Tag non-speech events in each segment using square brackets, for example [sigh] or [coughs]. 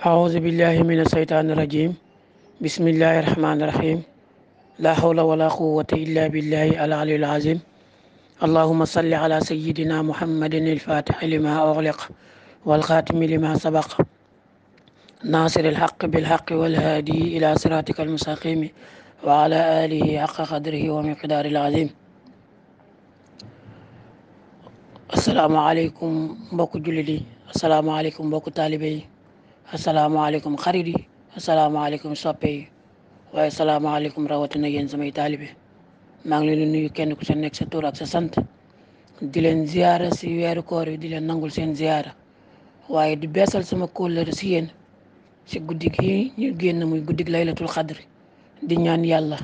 أعوذ بالله من الشيطان الرجيم بسم الله الرحمن الرحيم لا حول ولا قوة إلا بالله العلي العظيم اللهم صل على سيدنا محمد الفاتح لما أغلق والخاتم لما سبق ناصر الحق بالحق والهادي إلى صراطك المستقيم وعلى آله حق قدره ومقدار العظيم السلام عليكم بوك جلدي السلام عليكم بوك طالبي asalaamaaleykum xarit yi asalaamaaleykum soppe yi waaye asalaamaaleykum rawatina yéen samay taalibe maa ngi leen di nuyu kenn ku sa nekk sa tur ak sa sant di leen ziyaara si weeru koor yi di leen nangul seen ziyaara waaye di beesal sama kóllëre si yéen si guddi gi ñu génn muy guddig laylatul xadri di ñaan yàlla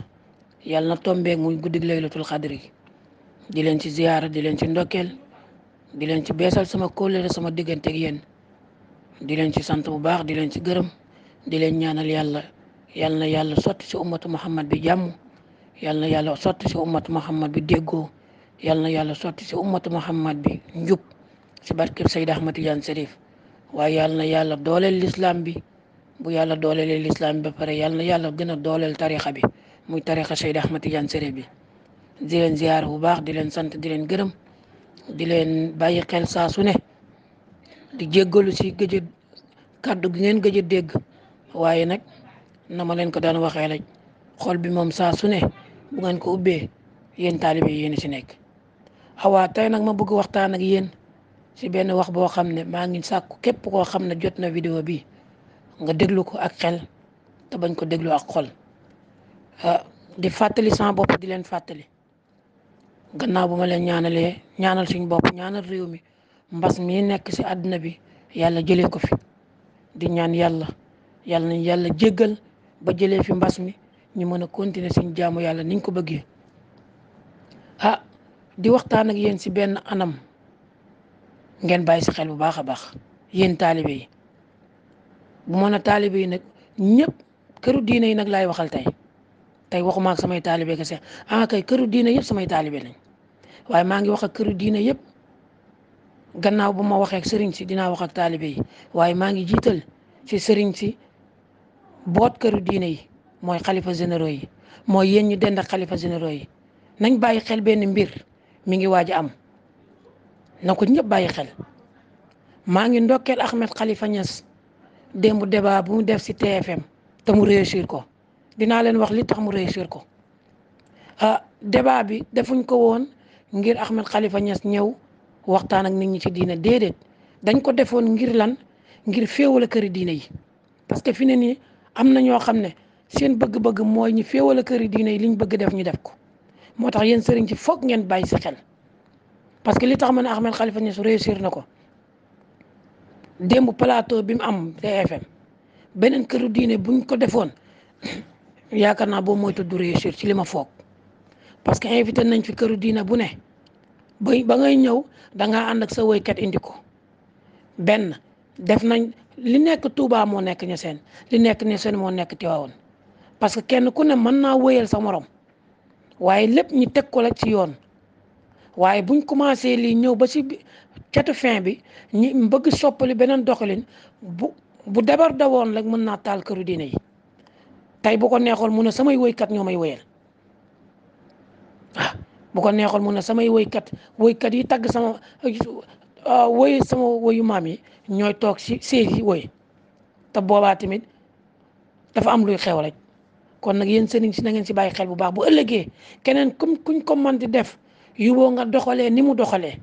yàlla na tombeeg muy guddig laylatul xadri di leen ci ziyaara di leen ci ndokkeel di leen ci beesal sama kóllëre sama diggante ak di leen ci sant bu baax di leen ci gërëm di leen ñaanal yàlla yal na yàlla sotti si ummatu muhammad bi jàmm yal na yàlla sotti si ummatu muhammad bi déggoo yal na yàlla sotti si ummatu muhammad bi njub si barkeb Seyd Ahmad jan Sërif waaye yal na yàlla dooleel lislaam bi bu yàlla dooleelee lislaam bi ba pare yal na yàlla gën a dooleel tarixa bi muy tarixa Seyd Ahmad Tijaan Sërif bi di leen bu baax di leen sant di leen gërëm di leen bàyyi xel di jéggalu si gëjë kàddu gi ngeen gëj a dégg waaye nag na ma leen ko daan waxee rek xol bi moom saa su ne bu ngeen ko ubbee yéen taalibe yéen si nekk xawaa tey nag ma bëgg waxtaan ak yéen si benn wax boo xam ne maa ngi sàkku képp koo xam ne jot na vidéo bi nga déglu ko ak xel te bañ ko déglu ak xol ah, di fàttali sama bopp di leen fàttali gannaaw bu ma leen ñaanalee ñaanal suñ bopp ñaanal réew mi mbas mi nekk si àdduna bi yàlla jëlee ko fi di ñaan yàlla yàlla nañ yàlla jéggal ba jëlee fi mbas mi ñu mën a continuer suñ jaamu yàlla niñ ko bëggee ah di waxtaan ak yéen si benn anam ngeen bàyyi si xel bu baax a baax yéen taalibe yi bu mën a taalibe yi nag ñëpp këru diine yi nag laay waxal tey tey waxuma ak samay taalibe kese ah kay këru diina yëpp samay taalibe lañ waaye maa ngi wax ak këru diina yëpp gannaaw bu ma waxee ak sëriñ si dinaa wax ak taalibe yi waaye maa ngi jiital ci sëriñ si boot këru diine yi mooy xalifa généraux yi mooy yéen ñu dend ak xalifa généraux yi nañ bàyyi xel benn mbir mi ngi waaj am na ko ñëpp bàyyi xel maa ngi ndokkeel Ahmed Khalifa Niass démb débat bu mu def si TFM te mu réussir ko dinaa leen wax li tax mu réussir ko ah débat bi defuñ ko woon ngir Ahmed Khalifa Niass ñëw waxtaan ak nit ñi ci diine déedéet dañ ko defoon ngir lan ngir féewale këri diine yi parce que fi ne nii am na ñoo xam ne seen bëgg-bëgg mooy ñu féewale këri diine yi liñ bëgg def ñu def ko moo tax yéen sëriñ ci foog ngeen bàyyi si xel parce que li tax ma ne Ahmed Khalifa Niass réussir na ko démb plateau bi mu am TFM beneen këru diine buñ ko defoon [coughs] yaakaar naa boo moytu du réussir ci li ma foog parce que invité nañ fi këru diine bu ne. ba ba ngay ñëw da ngaa ànd ak sa woykat indi ko benn def nañ li nekk Touba moo nekk seen li nekk seen moo nekk Tivaouane parce que kenn ku ne mën naa wëyal sa morom waaye lépp ñi teg ko la ci yoon waaye buñ commencé lii ñëw ba ci catu fin bi ñi bëgg soppali beneen doxalin bu bu dabar woon rek mën naa taal këru diine yi tey bu ko neexool mu ne samay woykat ñoo may wëyal bu ko neexoon mu ne samay woykat woykat yi tagg sama ah, woy sama woyu maam yi ñooy toog si si woy te boobaa tamit dafa am luy xew rek kon nag yéen sëriñ si nangeen si bàyyi xel bu baax bu ëllëgee keneen comme kuñ ko mën di def yuboo nga doxalee ni mu doxalee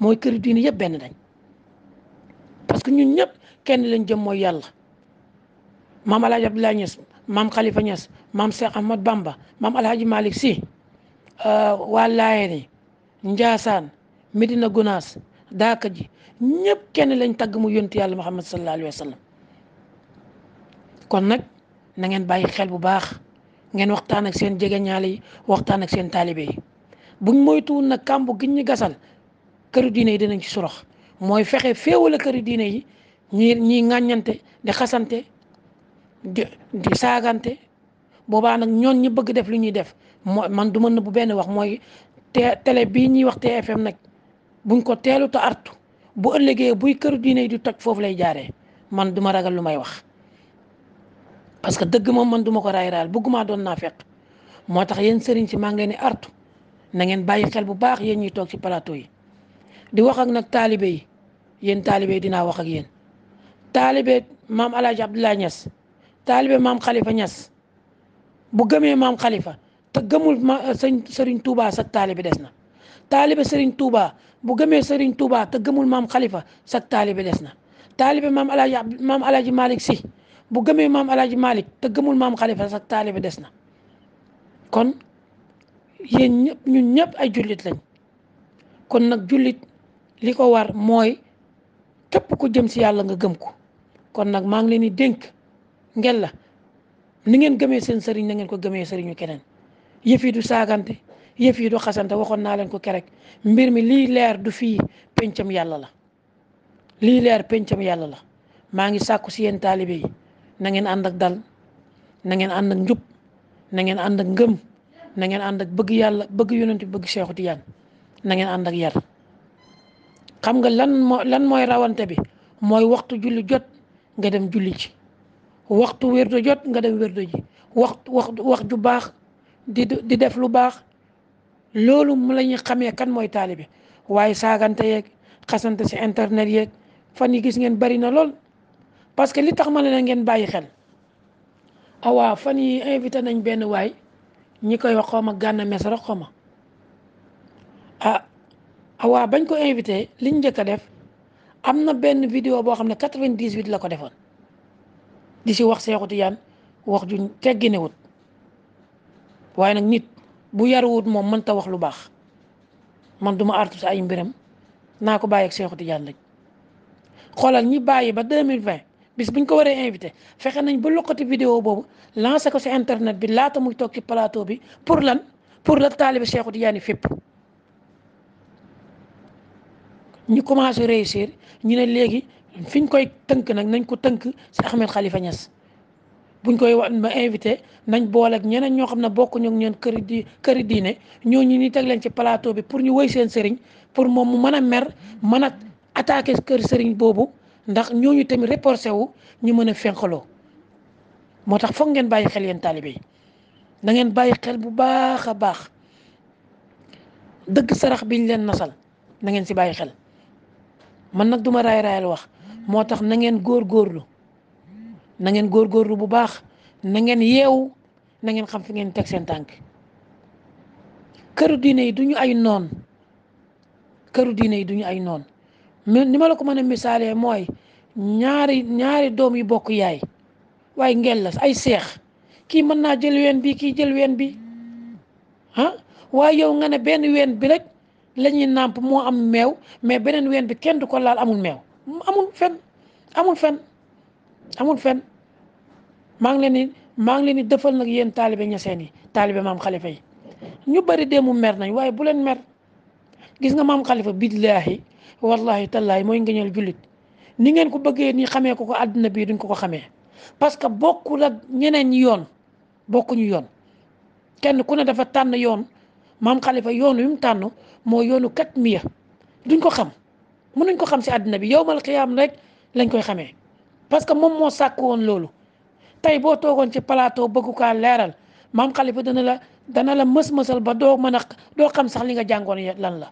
mooy kër diine yëpp benn dañ parce que ñu ñëpp kenn lañ jëm mooy yàlla maam El Hadj Abdoulaye Niass maam Khalifa Niass maam Cheikh Ahmad Bamba maam El Hadj Malick Euh, waa Laayeen yi Njaasaan Medina Gunaas daaka ji ñëpp kenn lañ tagg mu yontu yàlla Muhammad sallallahu alayhi wa sallam kon nag na ngeen bàyyi xel bu baax ngeen waxtaan ak seen jegeñaale yi waxtaan ak seen taalibe yi buñ moytuwul nag kàmbu gi ñu gasal këru diine yi dinañ ci sorox mooy fexe féewale këru diine yi ñi ñiy di xasante di saagante boobaa nag ñoon ñi bëgg def lu ñuy def moo man du ma nëbbu benn wax mooy te télé bii ñuy wax te TFM nag buñ ko teelu te artu bu ëllëgee buy kër diine yi di toj foofu lay jaaree man duma ragal lu may wax parce que dëgg ma man duma ma ko raay raayal bëggumaa doon naa fet moo tax yéen sëriñ si maa ngi leen di artu na ngeen bàyyi xel bu baax yéen ñuy toog ci palato yi di wax ak nag taalibe yi yéen taalibe yi dinaa wax ak yéen taalibe maam El Hadj Abdoulaye Niass taalibe maam Khalifa Niass bu gëmee maam xalifa te gëmul ma eh, sëñ Serigne Touba sa taalibe des na taalibe Serigne Touba bu gëmee Serigne Touba te gëmul maam Khalifa sa taalibe des na taalibe maam El Hadj maam si bu gëmee maam El Hadj Malick te gëmul maam Khalifa sa taalibe des na kon yéen ñëpp ñëpp ay jullit lañ kon nag jullit li ko war mooy képp ku jëm si yàlla nga gëm ko kon nag maa ngi leen di dénk ngeen la ni ngeen gëmee seen sëriñ na ngeen ko gëmee sëriñu keneen. yëf yi du saagante yëf yi du xasante waxoon naa leen ko kerek mbir mi lii leer du fii pencam yàlla la lii leer pencam yàlla la maa ngi sàkku si yéen taalibe yi na ngeen ànd ak dal na ngeen ànd ak njub na ngeen ànd ak ngëm na ngeen ànd ak bëgg yàlla bëgg yonent bëgg na ngeen ànd ak yar xam nga lan moo lan mooy rawante bi mooy waxtu julli jot nga dem julli ci waxtu wérdo jot nga dem wérdo ji waxtu wax wax ju di di def lu baax loolu mu la xamee kan mooy taalibe waaye saagante yeeg xasante si internet yeeg fan yi gis ngeen bari na lool parce que li tax ma ne na ngeen bàyyi xel awaa fan yi invité nañ benn waay ñi koy wax xaw ma gànna mes rek xaw ma ah awaa bañ ko invité liñ njëkk a def am na benn video boo xam ne quatre-vingt-dix-huit la ko defoon di si wax Seexu Tijaan wax juñ tegginewut waaye nag nit bu yaruwut moom mën ta wax lu baax man duma artu si ay mbiram naa ko bàyyi ak Seexu Tijaan lañ xoolal ñi bàyyi ba 2020 bis buñ ko waree invité fexe nañ ba lokkati vidéo boobu lancé ko si internet bi laata muy toog ci plateau bi pour lan pour la taalibe Seexu Tijaan yi fépp ñu commencé réussir ñu ne léegi fiñ koy tënk nag nañ ko tënk si Ahmed Khalifa Niass bu buñ koy wax ma invité nañ boole ak ñeneen ñoo xam ne bokkuñu ak ñeen këri di këri diine ñooñu ñu teg leen ci plateau bi pour ñu woy seen sëriñ pour moom mu mën a mer mën a attaqué kër sëriñ boobu ndax ñooñu tamit reporté wu ñu mën a fenqaloo moo tax foog ngeen bàyyi xel yéen taalibe yi na bàyyi xel bu baax a baax dëgg sarax biñ leen nasal na ngeen si bàyyi xel man nag duma raay raayal wax moo tax na ngeen góor góorlu na ngeen góorgóorlu bu baax na ngeen yeewu na ngeen xam fi ngeen teg seen tànk këru diine yi du ñu ay noon këru diine yi du ñu ay noon ni ma la ko mën a misaalee mooy ñaari ñaari doom yu bokk yaay waaye ngeen la ay seex kii mën naa jël ween bi kii jël ween bi waaye yow nga ne benn ween bi rek lañuy nàmp moo am meew mais beneen ween bi kenn du ko laal amul meew amul fen amul fen maa ngi leen di maa ngi leen di defal nag yéen taalibe ñaseen yi taalibe maam xalifa yi ñu bëri déemu mer nañ waaye bu leen mer gis nga maam xalifa billaahi wallahi tallaahi mooy ngëñal jullit ni ngeen ko bëggee ni xamee ko ko àddina bii duñ ko ko xamee parce que bokkul ak ñeneen ñi yoon bokkuñu yoon kenn ku ne dafa tànn yoon maam xalifa yoon wi mu tànn moo yoonu kat miya duñ ko xam mënuñ ko xam si àddina bi yowmal xiyaam rek lañ koy xamee parce que moom moo sàkk woon loolu tey boo toogoon ci plateau bëggu kaa leeral maam Khalifa dana la dana la mës-mësal ba doo mën a doo xam sax li nga jàngoon lan la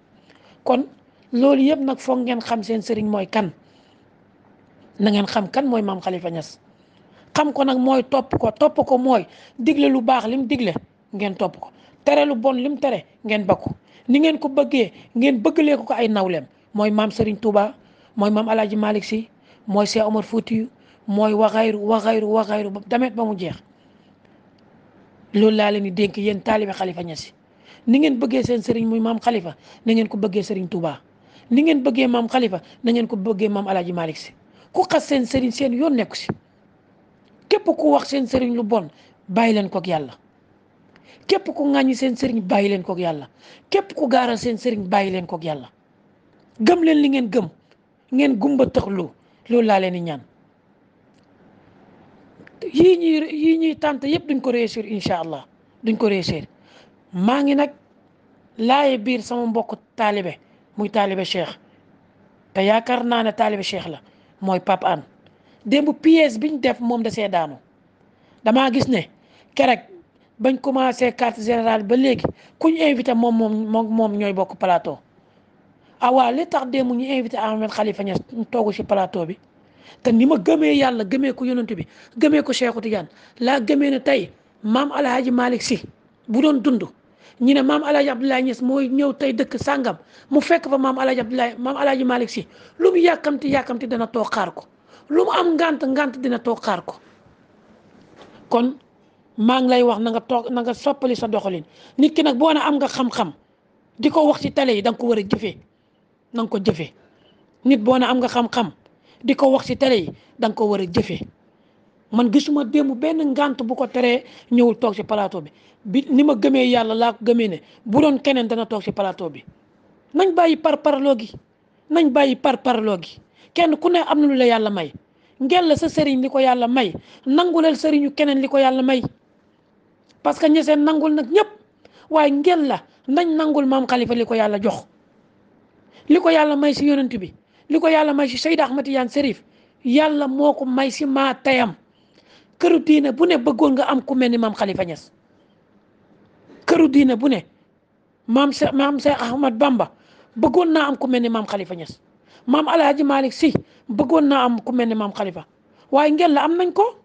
kon loolu yëpp nag foog ngeen xam seen sëriñ mooy kan na ngeen xam kan mooy maam Khalifa Niass xam ko nag mooy topp ko topp ko mooy digle lu baax lim digle ngeen topp ko tere lu bon lim tere ngeen bakku ni ngeen ko bëggee ngeen bëggalee ko ko ay nawleem mooy maam Serigne Touba mooy maam El Hadj Malick mooy Cheikh Omar Foutiyou mooy waxayru waxayru waxayru ba damet ba mu jeex loolu laa leen di dénk yéen taalibe xalifa ñasi ni ngeen bëggee seen sëriñ muy maam xalifa na ngeen ko bëggee sëriñ Touba ni ngeen bëggee maam xalifa na ngeen ko bëggee maam alaaji Malick si ku xas seen sëriñ seen yoon nekku si képp ku wax seen sëriñ lu bon bàyyi leen kook yàlla képp ku ŋàññi seen sëriñ bàyyi leen kook yàlla képp ku gaaral seen sëriñ bàyyi leen kook yàlla gëm leen li ngeen gëm ngeen gumba tax loolu laa leen di ñaan yii ñuy yii ñuy tànt yëpp duñ ko réussir incha allah duñ ko réussir maa ngi nag laaye biir sama mbokk taalibe muy taalibe cheikh te yaakaar naa ne taalibe cheikh la mooy Pape Hann démb pièce biñ def moom da see damaa gis ne kerek bañ commencé carte générale ba léegi kuñ invité moom moom moom ñooy bokk plateau awaa ah li tax dem mu ñu invité Ahmed Khalifa Niass toogu si plateau bi te ni ma gëmee yàlla gëmee ko yonent bi gëmee ko Cheikhu Tidiane laa gëmee na tey maam Alhaji Malick si bu doon dund ñu ne maam Alhaji Abdoulaye Niass mooy ñëw tey dëkk sàngam mu fekk fa maam Alhaji Abdoulaye maam Alhaji Malick Sy lu mu yàkkamti yàkkamti dana toog xaar ko lu mu am ngant ngant dina toog xaar ko kon maa ngi lay wax na nga na nga soppali sa doxalin nit ki nag boo am nga xam di ko wax ci tale yi da nga ko war a jëfee na ko jëfee nit boo am nga xam-xam di ko wax ci télé yi danga ko war a jëfee man gisuma démb benn ngant bu ko teree ñëwul toog ci palaato bi bi ni ma gëmee yàlla laa ko gëmee ne bu doon keneen dana toog ci plateau bi nañ bàyyi par gi nañ bàyyi par parloo gi kenn ku ne am na lu la yàlla may ngel la sa sëriñ li ko yàlla may nanguleel sëriñu keneen li ko yàlla may parce que ñi seen nangul nag ñëpp waaye ngel la nañ nangul maam xalifa li ko yàlla jox li ko yàlla may si yonent bi li ko yàlla may si Seydi Ahmad Tijaan Cherif yàlla moo ko may si maa tayam këru diine bu ne bëggoon nga am ku mel ni maam Khalifa Niass bu ne maam se maam Seex Ahmad bëggoon naa am ku mel ni maam Khalifa maam Alhaji Malick si bëggoon na am ku mel ni maam kalifa waaye ngeen la am nañ ko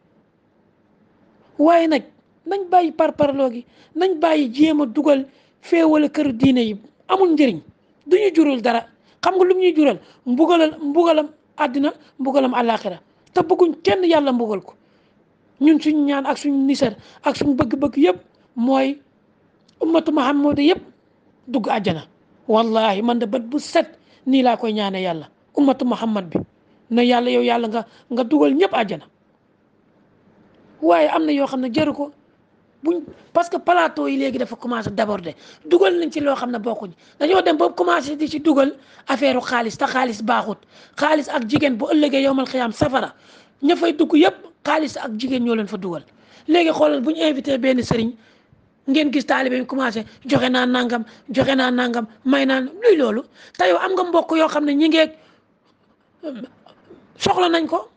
waaye nag nañ bàyyi parparloo gi nañ bàyyi jéem a dugal féewale këru diine yi amul njëriñ du ñu jurul dara. xam nga lu ñuy jural mbugalal mbugalam àddina mbugalam àllaaxira te bëgguñ kenn yàlla mbugal ko ñun suñ ñaan ak suñ nisar ak suñ bëgg-bëgg yëpp mooy ummatu Muhammad yëpp dugg àjjana wallahi man de bët bu set nii laa koy ñaane yàlla ummatu Muhammad bi na yàlla yow yàlla nga nga dugal ñëpp àjjana waaye am na yoo xam ne jaru ko buñ parce que plateau yi léegi dafa commencé déborder dugal nañ ci loo xam ne bokkuñ dañoo dem ba commencé di ci dugal affaire xaalis te xaalis baaxut xaalis ak jigéen bu ëllëgee yowmal xiyaam safara ña fay dugg yépp xaalis ak jigéen ñoo leen fa dugal léegi xoolal bu ñu invité benn sëriñ ngeen gis taalibe bi commencé joxe naa nangam joxe naa nangam may naa luy loolu te yow am nga mbokk yoo xam ne ñi ngeeg soxla nañ ko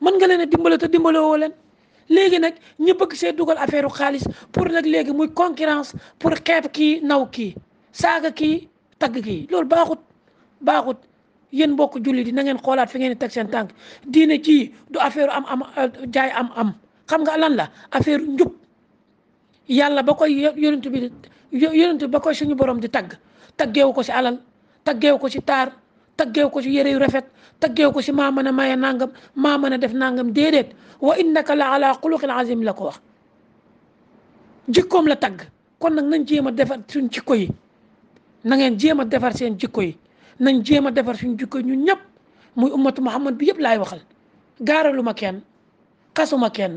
mën nga leen a dimbale te dimbale woo leen léegi nag ñu bëgg see dugal affaire xaalis pour nag léegi muy concurrence pour xeeb kii naw kii saaga kii tagg ki loolu baaxut baaxut yéen mbokk julli di nangeen ngeen xoolaat fi ngeen di teg seen tànk diine jii du affaire am am euh, jaay am am xam nga lan la affaire njub yàlla ba koy yonent bi yonent ba koy suñu borom di tagg taggeewu ko si alal taggeewu ko si taar taggeewu ko si yére yu rafet taggeewu ko si maa mën a maye nangam maa mën a def nangam déedéet وانك لعلى خلق عظيم لك واخ جيكوم لا تاغ كون نك نانجيما ديفار سون جيكوي نانين جيما ديفار سين جيكوي نان جيما ديفار سون جيكوي ني نيب موي امه محمد بي ييب لاي واخال غارالوما كين قاسوما كين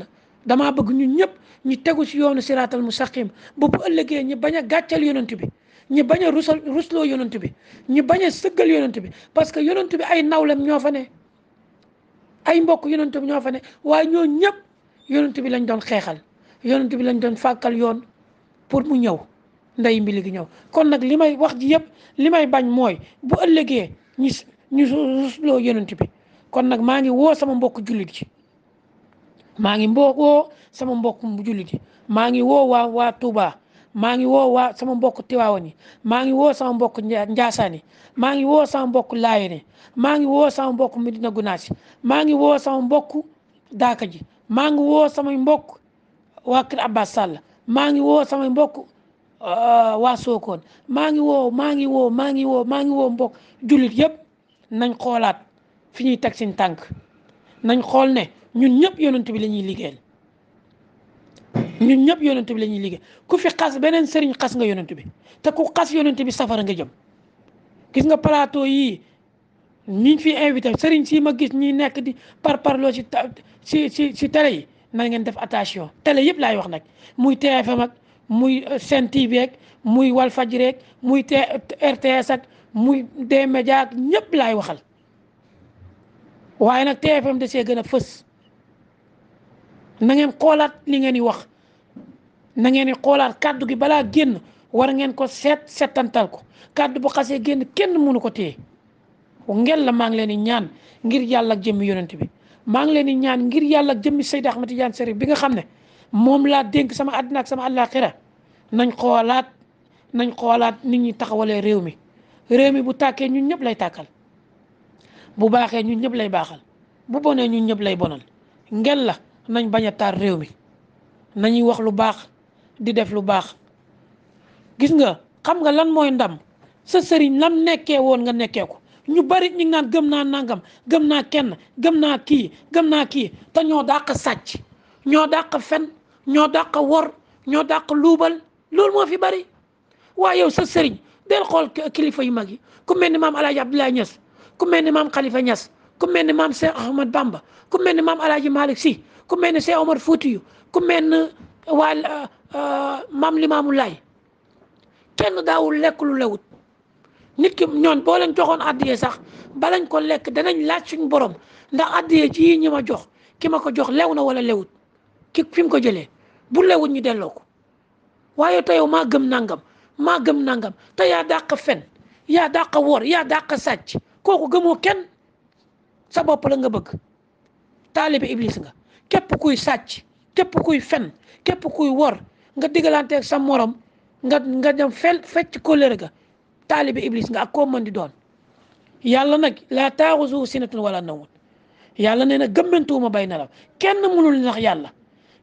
داما بغ ني نيب ني تيغو سي يونو صراط المستقيم بوبو اللهغي ني باغا غاتال يونتو بي ni baña rusal ruslo yonent bi ñi baña seugal yonent bi parce que yonent bi ay nawlam ay mbokk yonent bi ñoo fa ne waaye ñoo ñëpp yonent bi lañ doon xeexal yonent bi lañ doon fàkkal yoon pour mu ñëw nday mbili gi ñëw kon nag li may wax ji yëpp li may bañ mooy bu ëllëgee ñu su rusloo yonent bi kon nag maa ngi woo sama mbokk jullit ji maa ngi mboo woo sama mbokk jullit ji maa ngi woo waa waa Touba maa ngi woo waa sama mbokk Tiwaawan yi maa ngi woo sama mbokk Njaasaan yi maa ngi woo sama mbokk Laayeen yi maa ngi woo sama mbokk Medina Gunaas maa ngi woo sama mbokk Daaka ji maa ngi woo samay mbokk waa Kër Abbas Sall maa ngi woo samay mbokk waa maa ngi woo maa ngi woo maa ngi woo maa ngi woo mbokk jullit yëpp nañ xoolaat fi ñuy teg seen tànk nañ xool ne ñun ñëpp yonent bi la ñuy liggéeyal ñun ñëpp yonent bi la ñuy liggéey ku fi xas beneen sëriñ xas nga yoonante bi te ku xas yonent bi safara nga jëm gis nga plateau yi ñiñ fi invité sëriñ si ma gis ñi nekk di par parloo si ci si yi na ngeen def attention tele yëpp laay wax nag muy TFM ak muy euh, Sen TV ak muy Walfadjri ak muy RTS ak muy D-Média ak ñëpp laay waxal waaye nag TFM da see gën a fës na ngeen xoolaat li ngeen di wax na ngeen di xoolaat kàddu gi balaa génn war ngeen ko seet seetantal ko bu xasee génn kenn mënu ko téye ngel la maa ngi leen di ñaan ngir yàlla ak jëmmi yonent bi maa ngi leen di ñaan ngir yàlla ak seydaax Seydi Ahmad Tijaan Sariif bi nga xam ne moom laa dénk sama àddina ak sama àllaaxira nañ xoolaat nañ xoolaat nit ñi taxawalee réew mi réew mi bu tàkkee ñun ñëpp lay tàkkal bu baaxee ñun ñëpp lay baaxal bu bonee ñu ñëpp lay bonal ngel la nañ bañ a taar réew mi nañuy wax lu baax di def lu baax gis nga xam nga lan mooy ndam sa sëriñ lam nekkee woon nga nekkee ko ñu bari ñu ngi naan gëm naa nangam gëm naa kenn gëm naa kii gëm naa kii te ñoo dàq sàcc ñoo dàq fen ñoo dàq wor ñoo dàq luubal loolu moo fi bari waaye yow sa sëriñ del xool kilifa yu mag yi ku mel ni maam El Hadj Abdoulaye Niass ku mel ni maam kalifa Niass ku mel ni maam Cheikh Ahmad Bamba ku mel ni maam El Hadj si ku mel ni Cheikh Omar Foutiyou ku mel waa Euh, maam limaamu laay kenn daawul lekk lu lewut nit ki ñoon boo leen joxoon addiye sax balañ ko lekk danañ laaj suñ borom ndax addiye ji ñi ma jox ki ma ko jox lew na wala lewut ki fi mu ko jëlee bu lewut ñu delloo ko waaye te yow maa gëm nangam maa gëm nangam te yaa dàq fen yaa dàq wor yaa dàq sàcc kooku gëmoo kenn sa bopp la nga bëgg taalibe iblis nga képp kuy sàcc képp kuy fen képp kuy wor nga diggalanteeg sa morom nga nga dem fel fecc kóllëre ga taalibe iblis nga ak koo mën di doon yàlla nag laa taaxusu sinatun wala nawun yàlla nee na gëmmantuwuma bay nelaw kenn mënul nax yàlla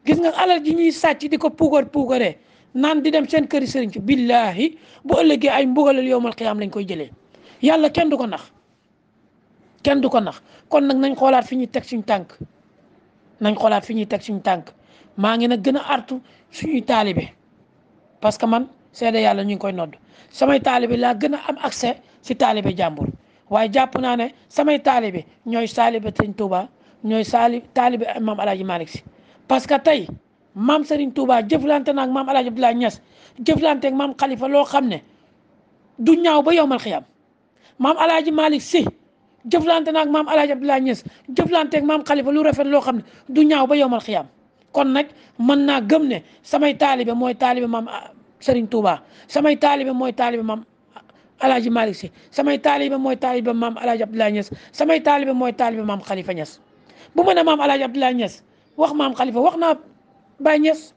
gis nga alal ji ñuy sàcc di ko puugar puugaree naan di dem seen këri sëriñ ci billaahi bu ëllëgee ay mbugalal yowmal xiyaam lañ koy jëlee yàlla kenn du ko nax kenn du ko nax kon nag nañ xoolaat fi ñuy teg suñ tànk nañ xoolaat fi ñuy teg suñ tànk maa ngi nag gën a artu suñuy taalibe parce que man seede yàlla ñu ngi koy nodd samay taalibe laa gën a am accès si taalibe jàmbur waaye jàpp naa ne samay taalibe ñooy saalibe sëriñ Touba ñooy saali taalibe maam El Hadj Malick si parce que tey maam Serigne Touba jëflante na maam El Hadj Abdoulaye Niass jëflante maam Khalifa loo xam ne du ñaaw ba yow mal xiyam maam El Hadj Malick si. jëflante naag maam El Hadj Abdoulaye Niass jëflante maam Khalifa lu rafet loo xam ne du ñaaw ba yowmal xiyaam kon nag mën naa gëm ne samay taalibe mooy taalibe maam ah, Serigne Touba samay taalibe mooy taalibe maam ah, Alaaji Malick Si samay taalibe mooy taalibe maam Alaaji Abdoulaye Niass samay taalibe mooy taalibe maam Khalifa Niass bu mën a maam Alaaji Abdoulaye Niass wax maam Khalifa wax naa Baye Niass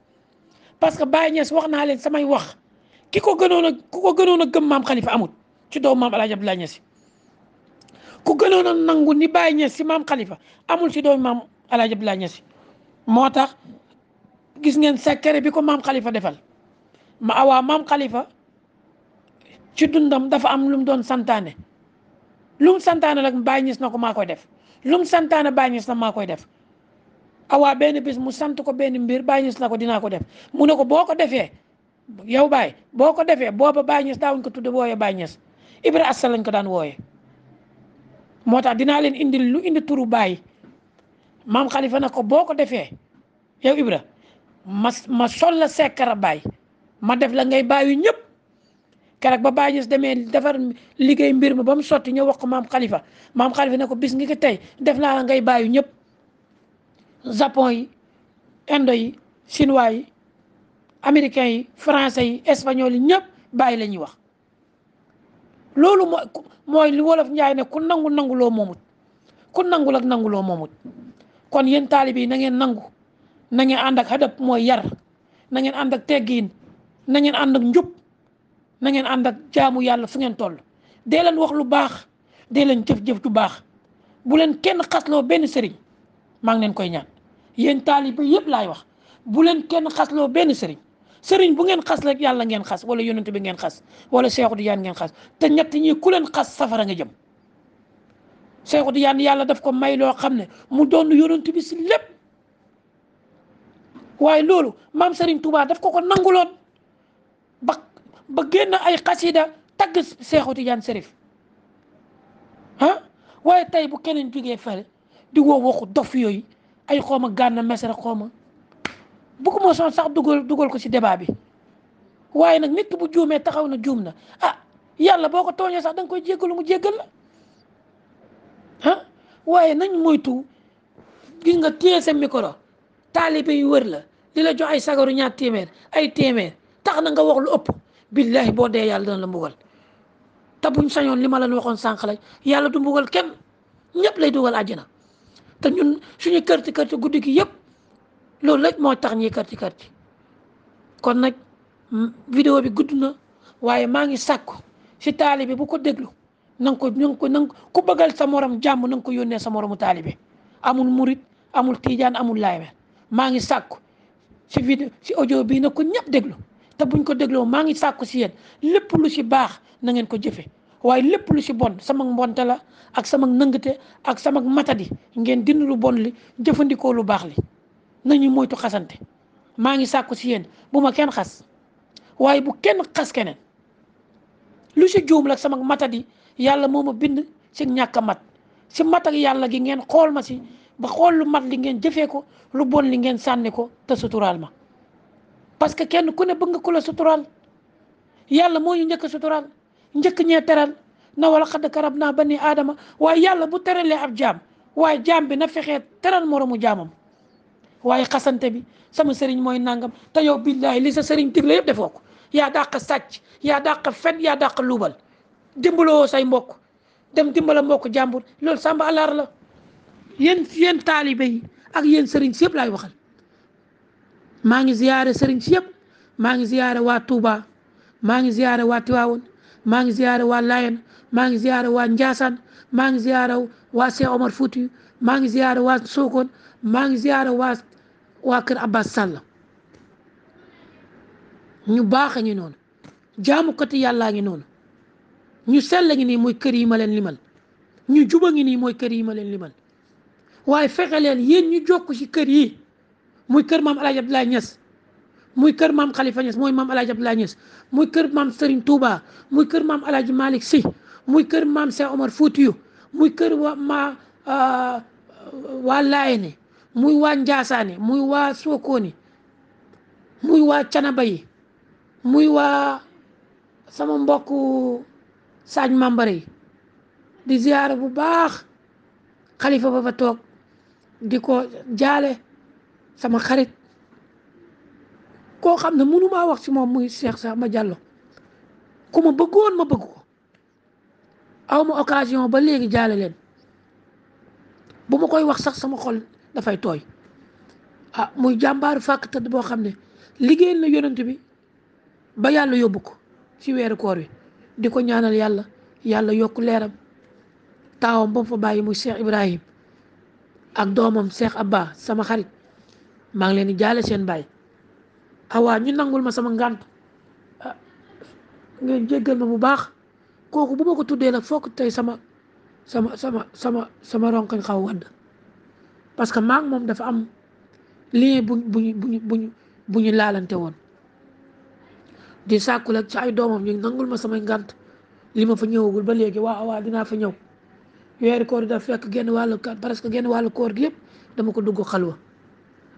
parce que Baye Niass wax naa leen samay wax ki ko gënoon a ko gënoon a gëm maam Khalifa amut ci doomu maam Alaaji Abdoulaye Niass ku gënoon a ni Baye si maam Khalifa amul si doomu maam Alaaji Abdoulaye Niass moo tax gis ngeen secret bi ko maam Khalifa defal ma awaa maam Khalifa ci dundam dafa am lu mu doon santaane lu santane santaane rek bàyyi ñis na ko maa koy def lu mu santaane bàyyi na maa koy def awaa benn bis mu sant ko benn mbir bàyyi ñis na ko dinaa ko def mu ne ko boo ko defee yow Baye boo ko defee booba Baye Niass daawuñ ko tudde wooyee Baye Niass Ibra Assa lañ ko daan wooyee moo tax dinaa leen indil lu indi turu Baye maam xalifa ne ko boo ko defee yow Ibra ma ma sol la sekkara baay ma def la ngay baayu ñëpp keroog ba bàyyi gis demee defar liggéey mbir mi ba mu sotti ñëw wax ko maam xalifa maam xalifa ne ko bis ngi ko tey def naa la ngay baayu ñëpp japon yi indo yi chinois yi américains yi français yi espagnol yi ñëpp bàyyi la ñuy wax loolu mooy wolof njaay ne ku nangu nanguloo loo moomut ku nangulak nanguloo nangu moomut kon yeen taalib yi na ngeen nangu na ngeen ànd ak hadab yar na ngeen andak ak teggiin na ngeen ànd ak njub na ngeen ànd ak jaamu yalla fu ngeen toll de len wax lu bax de leen jëf-jëf ju bax bu len kenn xasloo ben serign ma ngi leen koy ñaan yéen taaliba yeb lay wax bu len kenn xasloo ben serign serign bu ngeen xas rek yalla ngeen xas wala yonent bi ngeen xas wala cheikhou diane ngeen xas te ñet ñi ku len xas safara nga jëm Seexu Tijaan yàlla daf ko may loo xam ne mu doon yonent bi si lépp waaye loolu maam Serigne Touba daf ko ko nanguloon ba ba génn ay xasida tagg Seexu Tijaan Serif ah waaye tey bu keneen jógee fële di woo waxu dof yooyu ay xooma gànna mesara xooma bu ko moo soon sax dugal dugal ko si débat bi waaye nag nit bu juumee taxaw na juum na ah yàlla boo ko tooñee sax da koy jéggalu mu jéggal la ah waaye nañ moytu gi nga téye sa micro taalibe yu wër la li la jox ay sagaru ñaar téeméer ay téeméer tax na nga wax lu ëpp billahi boo dee yàlla dana la mbugal te buñ sañoon li ma leen waxoon sànq la yàlla du mbugal kenn ñëpp lay dugal àjjana te ñun suñu kërti kërti guddi gi yëpp loolu rek moo tax ñuy kërti kërti kon nag vidéo bi gudd na waaye maa ngi sàkku si taalibe bu ko déglu na ko na ko na ku bëggal sa morom jàmm na ko yónnee sa moromu taalibe amul murit amul tiijaan amul laaybe maa ngi sàkku si vidéo si audio bii na ko ñëpp déglu te buñ ko dégloo maa ngi sàkku si yéen lépp lu si baax na ngeen ko jëfe waaye lépp lu si bon sama mbonte la ak sama nëngate ak sama matadi ngeen dind lu bon li jëfandikoo lu baax li nañu moytu xasante maa ngi sàkku si yéen bu ma kenn xas waaye bu kenn xas keneen lu si juum la sama matadi yàlla moo ma bind ci ñàkk mat si mat ak yàlla gi ngeen xool ma si ba xool lu mat li ngeen jëfee ko lu bon li ngeen sànni ko te suturaal ma parce que kenn ku ne bëgg nga ku la suturaal yàlla moo ñu njëkk suturaal njëkk ñee teral na wala xadd karab naa ba ni aadama waaye yàlla bu teralee ab jaam waaye jaam bi na fexee teral moroomu jaamam waaye xasante bi sama sëriñ mooy nangam te yow billaahi li sa sëriñ digle yëpp defoo ko yaa dàq sàcc yaa dàq fen yaa dàq dimbaloo say mbokk dem dimbala mbokk jàmbur lool sàmba alaar la yéen yéen ak yéen sëriñ si yëpp laay waxal maa ngi ziyaare sëriñ si yëpp maa ngi ziyaare waa Touba maa ngi ziyaare waa Tiwaawoon maa ngi ziyaare wa Layen maa ngi ziyaare waa Njaasaan maa ngi ziyaare waa Cheikh Omar Fouti maa ngi ziyaare waa Sokone maa ngi ziyaare waa waa Abbas Sall ñu baax a ngi noonu jaamukati yàllaa ngi noonu ñu sell ngi nii mooy kër yi ma leen limal ñu juba ngi nii mooy kër yi ma leen limal waaye fexe leen yéen ñu jokk ci kër yi muy kër maam El Hadj Abdoulaye Niass muy kër maam Khalifa Niass mooy maam El Hadj Abdoulaye Niass muy kër maam Serigne Touba muy kër maam El Hadj Malick Sy muy kër maam Cheikh Omar Foutiyou muy kër euh, waa ma waa Laayene muy waa Njaasaane muy waa Sokone muy waa Canaba yi muy waa sama mbokku. saaj membres yi di ziyaara bu baax xalifa ba fa toog di ko jaale sama xarit koo xam ne mënu wax si moom muy Cheikh Samba Diallo ku ma bëggoon ma bëgg ko aw ma occasion ba léegi jaale leen bu ma koy wax sax sama xol dafay tooy ah muy jàmbaaru fàkk tëdd boo xam ne liggéey na yonent bi ba yàlla yóbbu ko ci weeru koor wi di ko ñaanal yàlla yàlla yokk leeram taawam ba mu bàyyi muy Cheikh Ibrahim ak doomam Cheikh Abba sama xarit maa ngi leen di jaale seen baay awaa ñu nangul ma sama ngànt ah, ngeen jéggal ma bu baax kooku bu ma ko tuddee la fokk tey sama sama sama sama sama ronkañ xaw wadd parce que maa ngi moom dafa am lien buñ buñ buñ bu ñu laalante woon di sàkku ak ci ay doomam ñu nangul ma samay ngant li ma fa ñëwagul ba léegi waawaa dinaa fa ñëw weeri koor daf fekk genn wàllu parce que genn wàllu koor gi yëpp dama ko dugg xalwa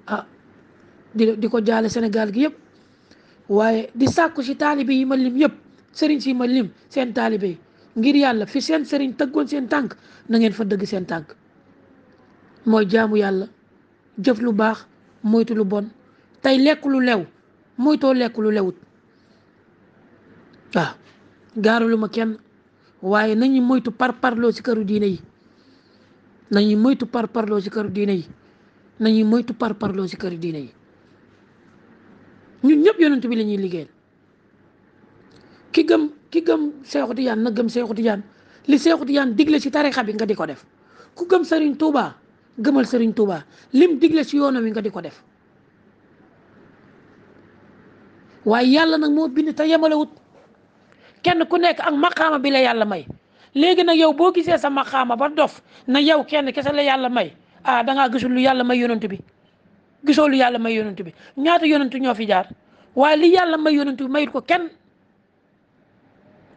ah di di ko jaale Sénégal gi yëpp waaye di sàkku si taalibe yi ma lim yëpp sëriñ si ma lim seen taalibe ngir yàlla fi seen sëriñ tëggoon seen tànk na ngeen fa dëgg seen tànk mooy jaamu yàlla jëf lu baax moytu lu bon tey lekk lu lew moytoo lekk lu lewut waaw ah, gaaralu ma kenn waaye nañu moytu parparloo ci këru diine yi nañu moytu parparloo ci këru diine yi nañu moytu par ci këru diine yi ñun ñëpp yonent bi la ñuy liggéeyal ki gëm ki gëm Seexu Tijaan na gëm Seexu jaan li Seexu Tijaan digle ci tarixa bi nga di ko def ku gëm sëriñ Touba gëmal sëriñ Touba lim digle ci yoonam wi nga di ko def waaye yàlla nag moo bind te yemalewut kenn ku nekk ak maxama bi la yàlla may léegi nag yow boo gisee sa maqaama ba dof na yow kenn kese la yàlla may ah da ngaa lu yàlla may yonent bi gisoo lu yàlla may yonent bi ñaata yonent ñoo fi jaar waaye li yàlla may yonent bi mayut ko kenn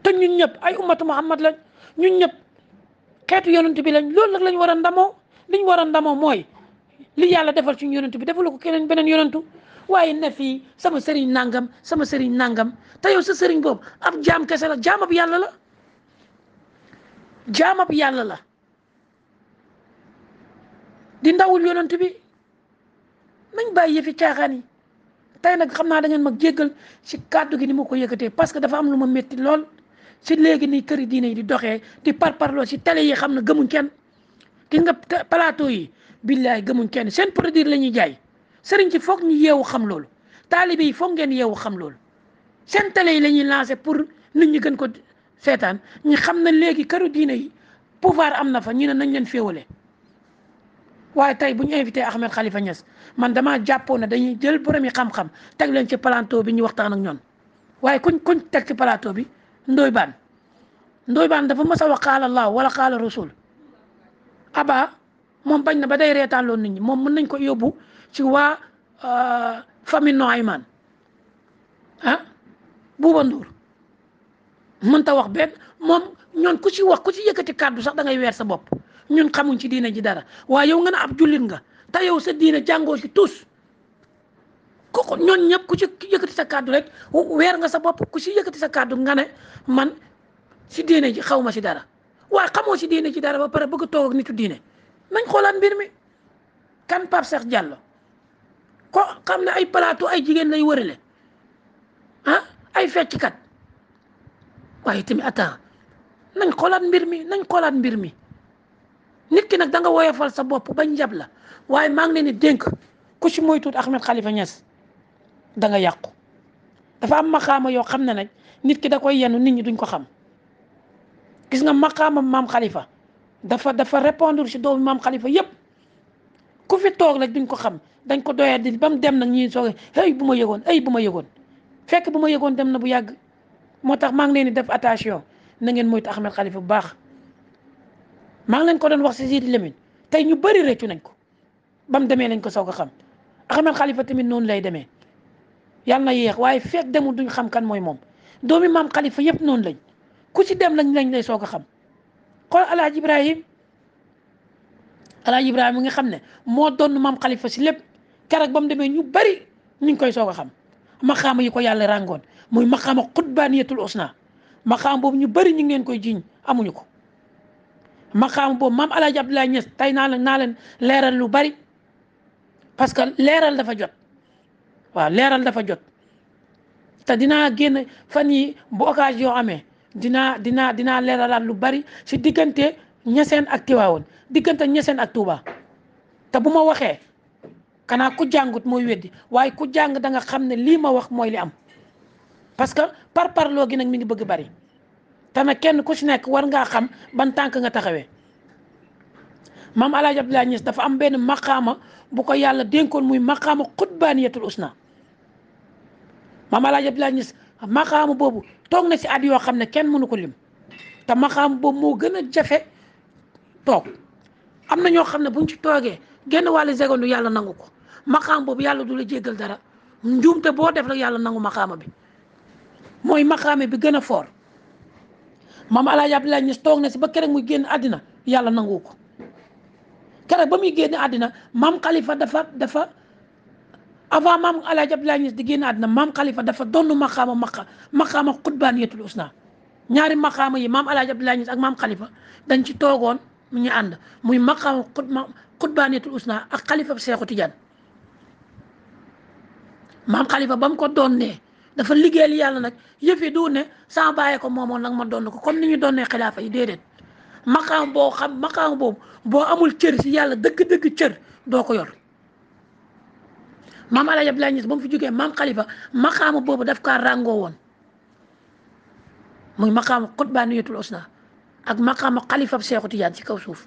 te ñu ñëpp ay ummatu muhammad lañ ñu ñëpp xeetu yonent bi lañ loolu nag lañ war a ndamoo liñ war a ndamoo mooy li yàlla defal suñu yonent bi defalu ko keneen beneen yonentu waaye ne fii sama sëriñ nangam sama sëriñ nangam te yow sa sëriñ boobu ab jaam kese la jaamab yàlla la jaamab yàlla la di ndawul yonent bi nañ bàyyi yëfi caaxaan yi tey nag xam naa da ngeen ma jéggal ci kàddu gi ni ma ko yëkkatee parce que dafa am lu ma métti lool si léegi nii këri diine yi di doxee di parparloo ci télé yi xam na gëmuñ kenn gis nga plateau yi billaay gëmuñ kenn seen produit la ñuy jaay serigne ci foog ñu yewu xam loolu taalibe yi foog ngeen yewu xam loolu seen télé yi lañuy lancer pour nit ñi gën ko seetaan ñi xam na léegi këru diine yi pouvoir am na fa ñu ne nañ leen féewale waaye tey bu ñu invité Ahmed Khalifa Niass man dama jàppoon ne dañuy jël borom yi xam-xam teg leen ci plateau bi ñu waxtaan ak ñoon waaye kuñ kuñ teg ci plateau bi ndoy Bane ndoy Bane dafa mësa wax qaala Allah wala qaala Rasul Aba moom bañ na ba day reetaan loolu nit ñi moom mën nañ ko yóbbu ci wa eh, famille Noayman ah bandour Ndour ta wax ben mom ñoon ku ci wax ku ci yëkëti kaddu sax da ngay wër sa bop ñun xamuñ ci diina ji dara wa yow nga na ab jullit nga ta yow sa diina jango ci tous ko ñoon ñep ku ci yëkëti sa kaddu rek wër nga sa bop ku ci yëkëti sa kaddu nga ne man ci diina ji xawma ci dara wa xamo ci diina ci dara ba paré bëgg toog nitu diine nañ xolaan mbir mi kan pap Cheikh Diallo ko xam ne ay palaatu ay jigéen lay wërale ah ay fecckat waaye tamit attends nañ xoolaat mbir mi nañ xoolaat mbir mi nit ki nag danga nga woyofal sa bopp bañ njab la waaye maa ngi leen di dénk ku ci moytuut Ahmed Khalifa Niass da nga yàqu dafa am maqaama yoo xam ne nag nit ki da koy yenu nit ñi duñ ko xam gis nga maqaama maam Khalifa dafa dafa répondre ci doomu maam Khalifa yépp ku fi toog rek duñ ko xam dañ ko doyee di ba mu dem nag ñuy soog hey bu ma yëgoon hey bu ma yëgoon fekk bu ma yëgoon dem na bu yàgg moo tax maa ngi leen di def attention na ngeen moytu Ahmed Khalifa bu baax maa ngi leen ko doon wax si Sidi Lamine tey ñu bëri réccu nañ ko ba mu demee lañ ko soog a xam Ahmed Khalifa tamit noonu lay demee yàlla na yéex waaye fekk demul duñ xam kan mooy moom doomi maam Khalifa yëpp noonu lañ ku si dem lañ lañ lay soog a xam xool El Hadj Ibrahim alaaji ibrahima nga xam ne moo doon maam xalifa si lépp keroog ba mu demee ñu bari ñu ngi koy soog a xam maxaama yi ko yàlla ràngoon muy maxaama xutbaaniyatul usna maxaama boobu ñu bari ñu ngi leen koy jiiñ amuñu ko maxaama boobu maam alaaji abdoulaye ñes tey naa leen naa leen leeral lu bari parce que leeral dafa jot waaw leeral dafa jot te dinaa génn fan yi bu occasion amee dina dinaa dinaa leeralaat lu bari si diggante ñeseen ak tiwaawoon diggante ñeseen ak Touba te bu ma waxee kanaa ku jàngut mooy weddi waaye ku jàng da nga xam ne lii ma wax mooy li am parce que par parloo gi nag mi ngi bëgg bari te nag kenn ku ci nekk war ngaa xam ban tànk nga taxawee maam El Hadj Abdoulaye dafa am benn maqaama bu ko yàlla dénkoon muy maqaama xutbaaniyatul usna maam El Hadj Abdoulaye Niass maqaama boobu toog na ci at yoo xam ne kenn mënu ko lim te maqaama boobu moo gën a jafe toog. am na ñoo xam ne buñ ci toogee génn wàllu seconde yàlla nangu ko maqaam boobu yàlla du la jéggal dara njuumte boo def rek yàlla nangu maxaama bi mooy maqaame bi gën a foor maam El Hadj Abdoulaye Niass toog na si ba keroog muy génn àddina yàlla nangu ko keroog ba muy génn àddina maam Khalifa dafa dafa avant maam El Hadj di génn àddina maam Khalifa dafa donn maqaama maqa maqaama xutbaaniyatul usna ñaari maqaama yi maam El Hadj Abdoulaye Niass ak maam Khalifa dañ ci toogoon. mu ñu ànd muy maqaam xutba xutbaaniyatul usna ak xalifa seexu tijaan maam xalifa ba mu ko doon nee dafa liggéeyal yàlla nag yëf yi du ne saa bàyyee ko moomoon nag ma doon ko comme ni ñu donnee xilaafa yi déedéet maqaam boo xam maqaam boobu boo amul cër si yàlla dëgg-dëgg cër doo ko yor maam Alaaji Abdoulaye Niass ba mu fi jógee maam xalifa maqaamu boobu daf kaa ràngoo woon muy maqaamu xutbaaniyatul usna ak maqama khalifa Seexu Tijaan ci kaw souf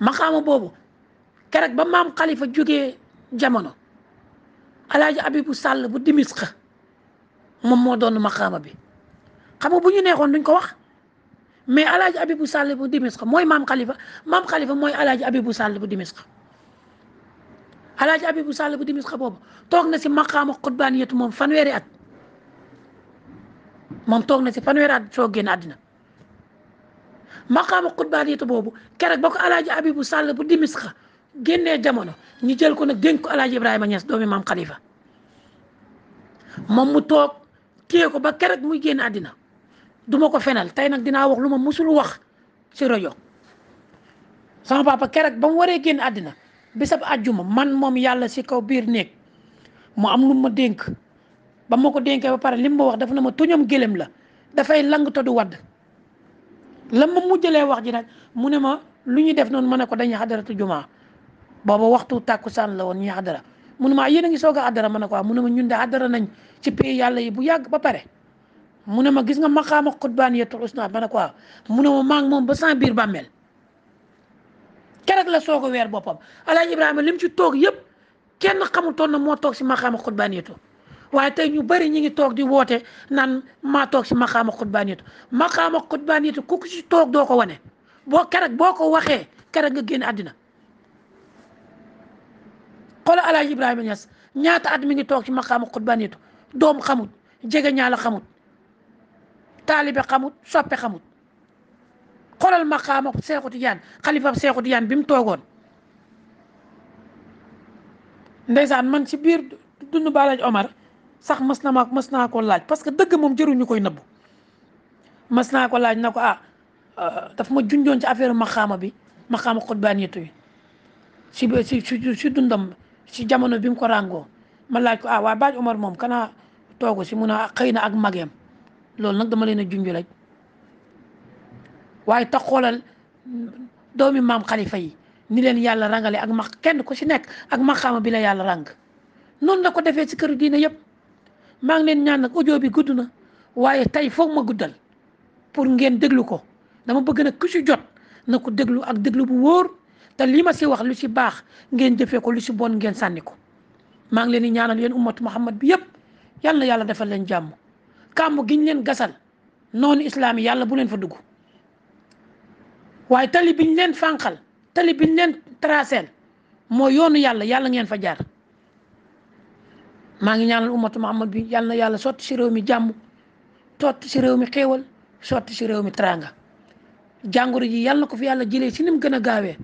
maqama bobu kerek ba mam khalifa jógee jamono alaaji abibou sàll bu dimis mom mo don maqama bi xam nga bu ñu neexoon duñ ko wax mais alaaji abibou sàll bu dimis moy mam khalifa mam khalifa moy mooy abibou sàll bu dimis xa abibou sàll bu dimis bobu tok na ci maqama xutbaan mom moom fanweeri at moom toog na ci fanweeri at soo génn àddina maqaama xutbaaniyatu boobu keroog ba ko alaaji abibu sàll bu dimisxa génnee jamono ñu jël ko nag dénk ko alaaji ibrahima ñees doomi maam xalifa moom mu toog téye ko ba kereeg muy génn àddina du ma ko fenal tey nag dinaa wax lu ma musul wax ci rajo sama papa ba mu waree génn àddina bisab àjjuma man moom yàlla si kaw biir néeg mu am lum ma dénk ba ma ko dénkee ba pare li mu ma wax dafa na ma tuñam gélem la dafay lang te du wadd lan ma mujjalee wax ji nag mu ne ma lu ñu def noonu ma ne ko dañuy xadaratu jumaa booba waxtu tàkkusaan la woon ñuy xadara mu ne ma ah, yéen a ngi soog a ma ne ko ah, mu ne ma ñun de xadara nañ ci pays yàlla yi bu yàgg ba pare mu ne ma gis nga maqaama xutbaan yetul usna ma ne ko ah, mu ne ma maa moom ba sans biir bàmmeel keroog la soog a weer boppam Alaaji Ibrahima mu si toog yëpp kenn xamutoon na moo toog si maqaama xutbaan yetul waaye te ñu bari ñi ngi toog di woote naan maa toog si maqaama xutbaaniyatu maqaama xutbaaniyatu ku si toog doo ko wane boo keroog boo ko waxee keroog nga génn àddina xoolal El Hadj Ibrahima Niass ñaata at mi ngi toog ci maqaama xutbaaniyatu doom xamut jege ñaala xamut taalibe xamut soppe xamut xoolal maqaama Seexu Tijaan xalifa Seexu Tijaan bi mu toogoon ndeysaan man ci biir dund Baalaji Omar. sax mas na ma mas naa ko laaj parce que dëgg moom jëruñu koy nëbbu mas naa ko laaj na ko ah euh, daf ma junjoon ci affaire maxaama bi maxaama xutbaan yetu yi si si si dundam si jamono bi mu ko ràngoo ma laaj ko ah waa baaj moom kanaa toogu si mun ah, xëy na ak mageem loolu nag dama leen a junj rek waaye tax xoolal doomi maam xalifa yi ni leen yàlla rangale ak ma kenn ku si nekk ak maxaama bi la yàlla ràng noonu la ko defee si kër diine yëpp maa ngi leen ñaan nag audio bi gudd na waaye tey foog ma guddal pour ngeen déglu ko dama bëgg na ku ci jot na ko déglu ak déglu bu wóor te lii ma si wax lu si baax ngeen jëfee ko lu si bon ngeen sànni ko maa ngi leen di ñaanal yéen ummatu Muhammad bi yépp yàlla yàlla defal leen jàmm kàmb giñ leen gasal noonu islaam yi yàlla bu leen fa dugg waaye tali biñ leen fànqal tali biñ leen traceel moo yoonu yàlla yàlla ngeen fa jaar maa ngi ñaanal ummatu Muhammad bi yal na yàlla sotti si réew mi jàmm sotti si réew mi xéewal sotti si réew mi teraanga jàngoro ji yal na ko fi yàlla jëlee si ni mu gën a gaawee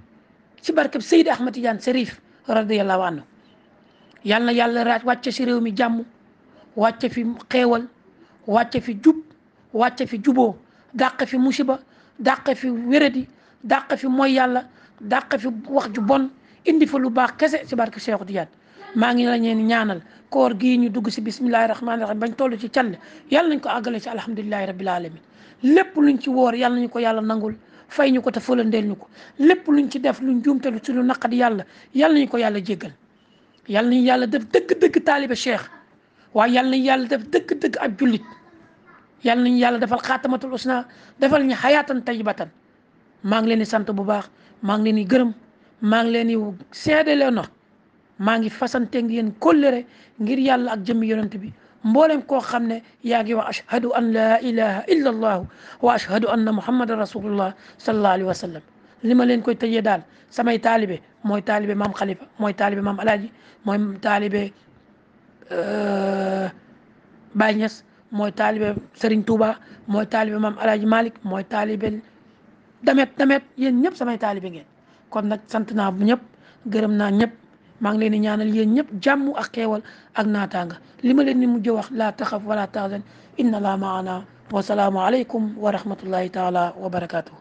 si barkeb Seydi ti Tidiane Serif radiyallahu anhu yal na yàlla raaj wàcce si réew mi jàmm wàcce fi xéewal wàcce fi jub wàcce fi juboo dàq fi musiba dàq fi wéradi dàq fi mooy yàlla dàq fi wax ju bon indi fa lu baax kese si barke Cheikh Tidiane maa ngi la ñeen ñaanal koor gii ñu dugg si bismillahi rahmaani rahim bañ toll ci canne yàlla nañ ko àggale ci alhamdulilahi rabbil alamin lépp luñ ci woor yàlla nañu ko yàlla nangul fay ñu ko te fëlandeel ñu ko lépp luñ ci def luñ juumte lu suñu naqat yàlla yàlla nañu ko yàlla jéggal yàlla nañu yàlla def dëgg-dëgg taaliba cheikh waaye yàlla nañu yàlla def dëgg-dëgg ab jullit yàlla nañu yàlla defal xaatamatul usna defal ñu xayaatan tayyibatan maa ngi leen di sant bu baax maa ngi leen di gërëm maa ngi leen di seedelee na maa ngi fasanteeg yéen kóllëre ngir yàlla ak jëmmi yonent bi mboolem koo xam ne yaa ngi wax ashhadu an laa ilaha illa allahu wa ashhadu anna leen koy tëjee daal samay taalibe mooy taalibe maam xalifa mooy taalibe maam alaaji mooy taalibe euh, Baay Ñas mooy taalibe Serigne Touba mooy taalibe maam alaaji Malick mooy taalibe damet damet yéen ñëpp samay taalib ngeen kon nag sant naa ñëpp gërëm naa ñëpp maa ngi leen di ñaanal yéen ñëpp jàmm ak xeewal ak naataanga li ma leen ni mujj wax laa taxaf wala taxzan inna laa maana wa salaamu aleykum wa rahmatullahi taala wa barakaatu.